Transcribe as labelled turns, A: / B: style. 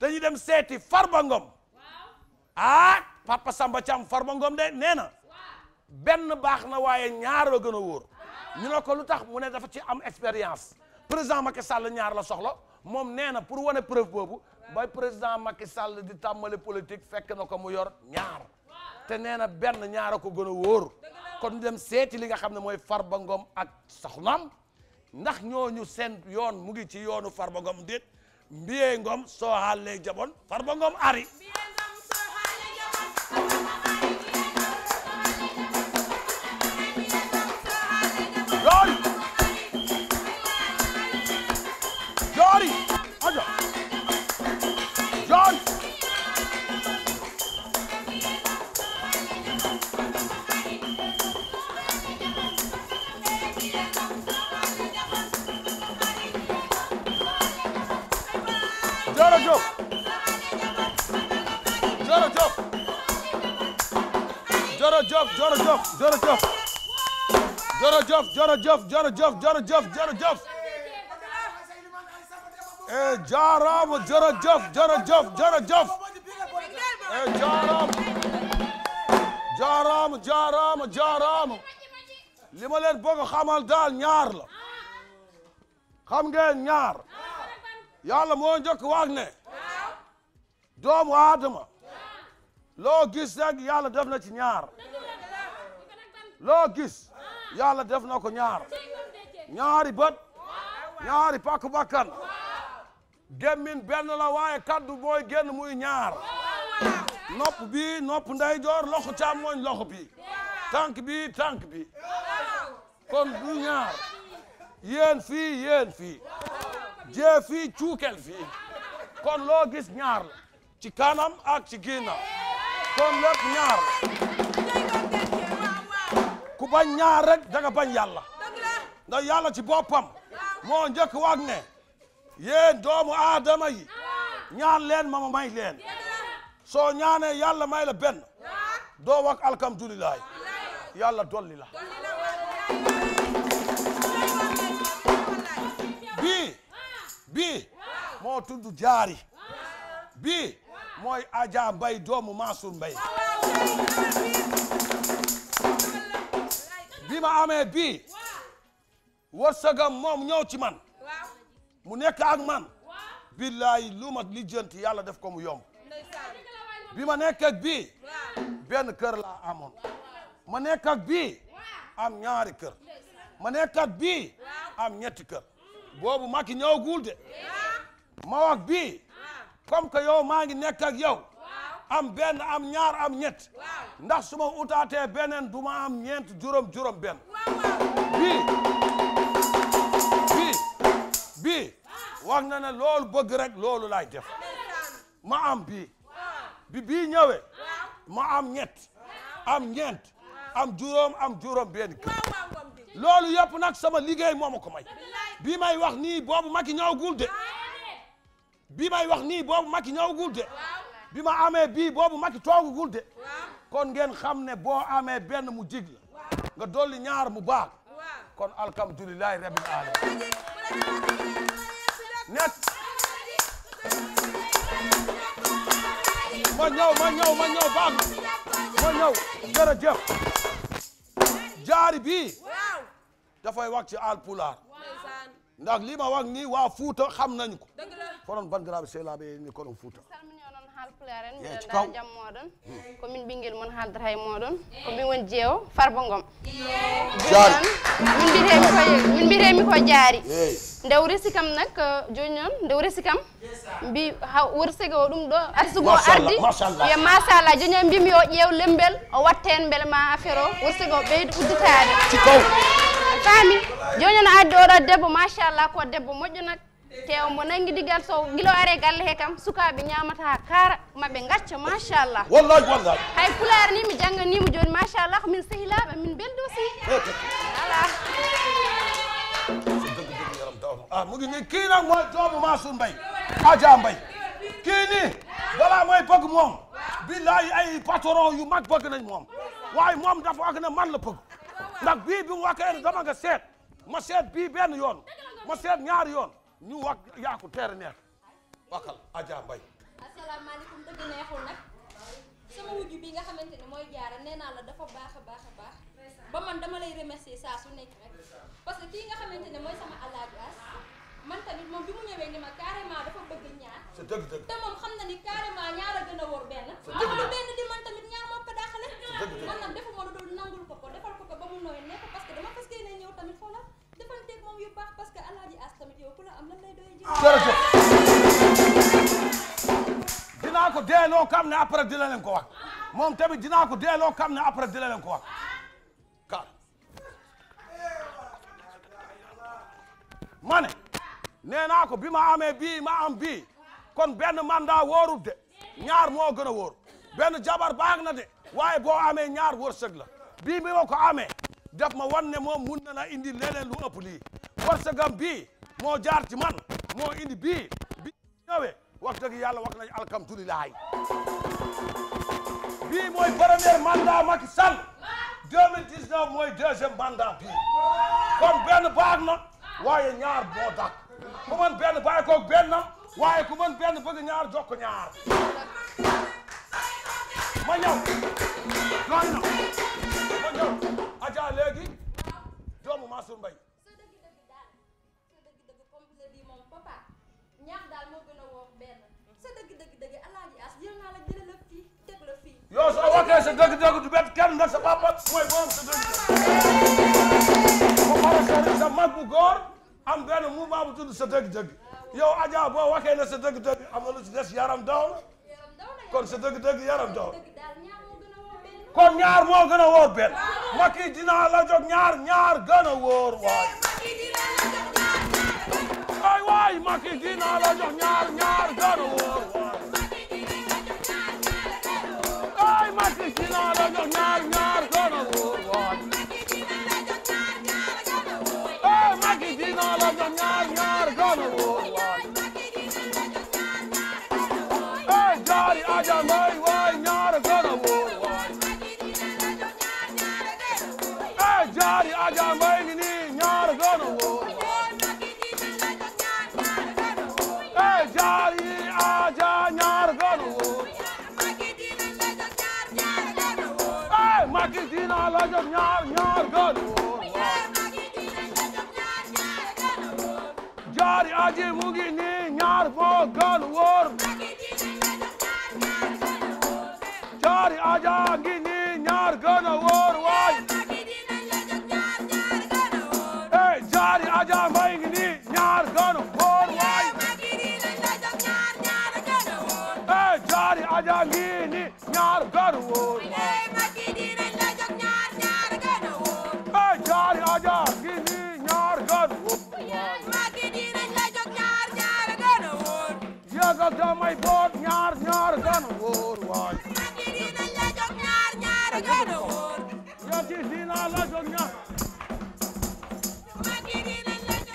A: dañuy dem seeti Farba Ngom ah Papa Samba Thiam Farba Ngom de nee na benn baax na waaye ñaar la gën a wóor ñu ne ko lu tax mu ne dafa ci am expérience président Macky Sall ñaar la soxla moom nee na pour wane preuve boobu bay président Macky Sall di tàmbali politique fekk na ko mu yor ñaar te nee na benn ñaar a ko gën a wóor kon ñu seeti li nga xam ne mooy far Ngom ak soxnaam ndax ñooñu seen yoon mu ngi ci yoonu Farba Ngom déet mbiye ngom so haalle jaɓon farba ngom ari jërëjëf jërëjëf jërëjëf jërëjëf jërëjëf jërëjëf jërëjëf jërëjëf e jaaraama jërëjëf jërëjëf jërëjëf e daal ñaar la xam ngeen ñaar yàlla moo njëkk wax ne doomu aadama loo gis rek yàlla def na ci ñaar loo gis yàlla def na ko ñaar ñaari bët ñaari pàkk bakkan gémmin benn la waaye kaddu booy génn muy ñaar nopp bi nopp ndeyjoor loxo càmmooñ loxo bi tànk bi tànk bi kon du ñaar yéen fii yéen fii jee fii cuukel fii kon loo gis ñaar la ci kanam ak ci ginnaaw comme lépp ñaar ku bañ ñaar rek da nga bañ yàlla ndax yàlla ci boppam moo njëkk waag ne yéen doomu aadama yi leen ma may leen soo ñaanee yàlla may la benn doo wax alhamdulilah yàlla dolli la bii bii moo tudd jaari bii mooy Adja Mbaye doomu maasu mbay bi ma amee bi wërsëgam moom ñëw ci man mu nekk ak man billaay lu ma lijjanti yàlla def ko mu yom bi ma nekk bi benn kër laa amoon ma nekk ak am ñaari kër ma nekk ak am ñetti kër boobu Macky ñëwagul de ma wax comme que yow maa ngi nekk ak yow am benn am ñaar am ñett ndax suma ma utaatee beneen du ma am ñeent juróom juróom benn bii bii bii wax na ne loolu bëgg rek loolu laay def ma am bii bi bii ñëwee ma am ñett am ñeent am juróom am juróom benn loolu yëpp nak sama liggéey moo ma ko may bii may wax nii boobu maki ñëwagul de bii may wax nii boobu Macky ñëwagul de bi ma amee bii boobu Macky toogagul de kon ngeen xam ne boo amee benn mu jig nga dolli ñaar mu baax kon alhamdulilahi rabbil alamin net ma ñëw ma ñëw ma ñëw baax ma ñëw jërëjëf jaari bii dafay wax ci alpulaar ndax li ma wax nii waa Fuuta xam nañu ko konon bandiraɓe sehlaɓe ni konon fouta salmini onon haalpularen mbiɗen da jaam moɗon komin ɓinguel moon haaldata e moɗon ko min woni jeewo farba gom min mbitemi koy ko jaari ndew resi kam nak euh, joni ndew resi kam mbi worsege o ɗum ɗo arsugo o ardi wiya machallah joni o mbimi o ƴeew lembel o watte hen beele ma affaire o worsege o ɓeydo udditade faami joni no addi oɗo debbo machallah ko debbo moƴƴo nak tew mo nangi diggal sow guiloare galle he kam sukaɓe ñamata kara maɓe gacca machallah wallahi wallahi hay pulaar ni mi jangganimo joni machallah ko min sehilaɓe min beldosi ala ah, kiina moy doomo masou mbay aja mbay kiini bala moy bog moom billahi ay patron yu mag bog nañ moom waaye moom dafa wax ne man la bii bi mu waxee dama nga seet ma seet bii benn yoon ma seet ñaari yoon ñu wax yaa ko teer neex waxal Adja Mbaye asalaamaaleykum dëgg neexul nag sama wujju bi nga xamante ni mooy jaara nee naa la dafa baax a baax baax ba man dama lay remercier saa su nekk rek parce que kii nga xamante ne mooy sama alaaji man tamit moom bi mu ñëwee ni ma carrément dafa bëgg ñaar c'est dëgg dëgg te moom xam na ni carrément ñaar delloo kam ne après dina ko wax moom tamit dinaa ko delloo kam ne après dina ko wax ka ma ne nee naa ko bi ma amee bii ma am bii kon benn mandat wóorut de ñaar moo gën a wóor benn jabar baax na de waaye boo amee ñaar wërsëg la bii bi ma ko amee def ma wan ne moom mun na la indi leneen lu ëpp lii wërsëgam bii moo jaar ci man moo indi bii bi ñëwee wax dëgg yàlla wax nañu alhamdulilah. bii mooy premier mandat Macky mooy deuxième mandat bii. kon benn baax na. waaye ñaar moo dàq. ku mën benn bàyyi koog benn na. waaye ku mën benn bëgg ñaar jokk ñaar. ma ñëw. benn sa dëgg sa dëgg-dëgg du bett kenn ndax sa papa mooy sa dëgg-dëgg. bu góor am benn mouvement bu yow Adja boo waxee ne sa dëgg-dëgg am na lu yaram daw kon sa dëgg-dëgg yaram daw kon ñaar moo gën a wóor benn. Macky dinaa la jóg ñaar ñaar gën a wóor waay. waay Macky dinaa la jox ñaar ñaar gën a wóor waay Macky dinaa la jox ñaar ñaar gën a wóor waay Macky dinaa la jox ñaar ñaar gën a wóor waay jaari aja may waay ñaar gën a wóor waay jaari aja may ni waa mu ngi nii ñaar foo gën wóor jaari aja ngi nii ñaar gën a wóor waay jaari aja ngi nii ñaar gën a wóor jaari aja ngi nii ñaar gën a Diomaye boot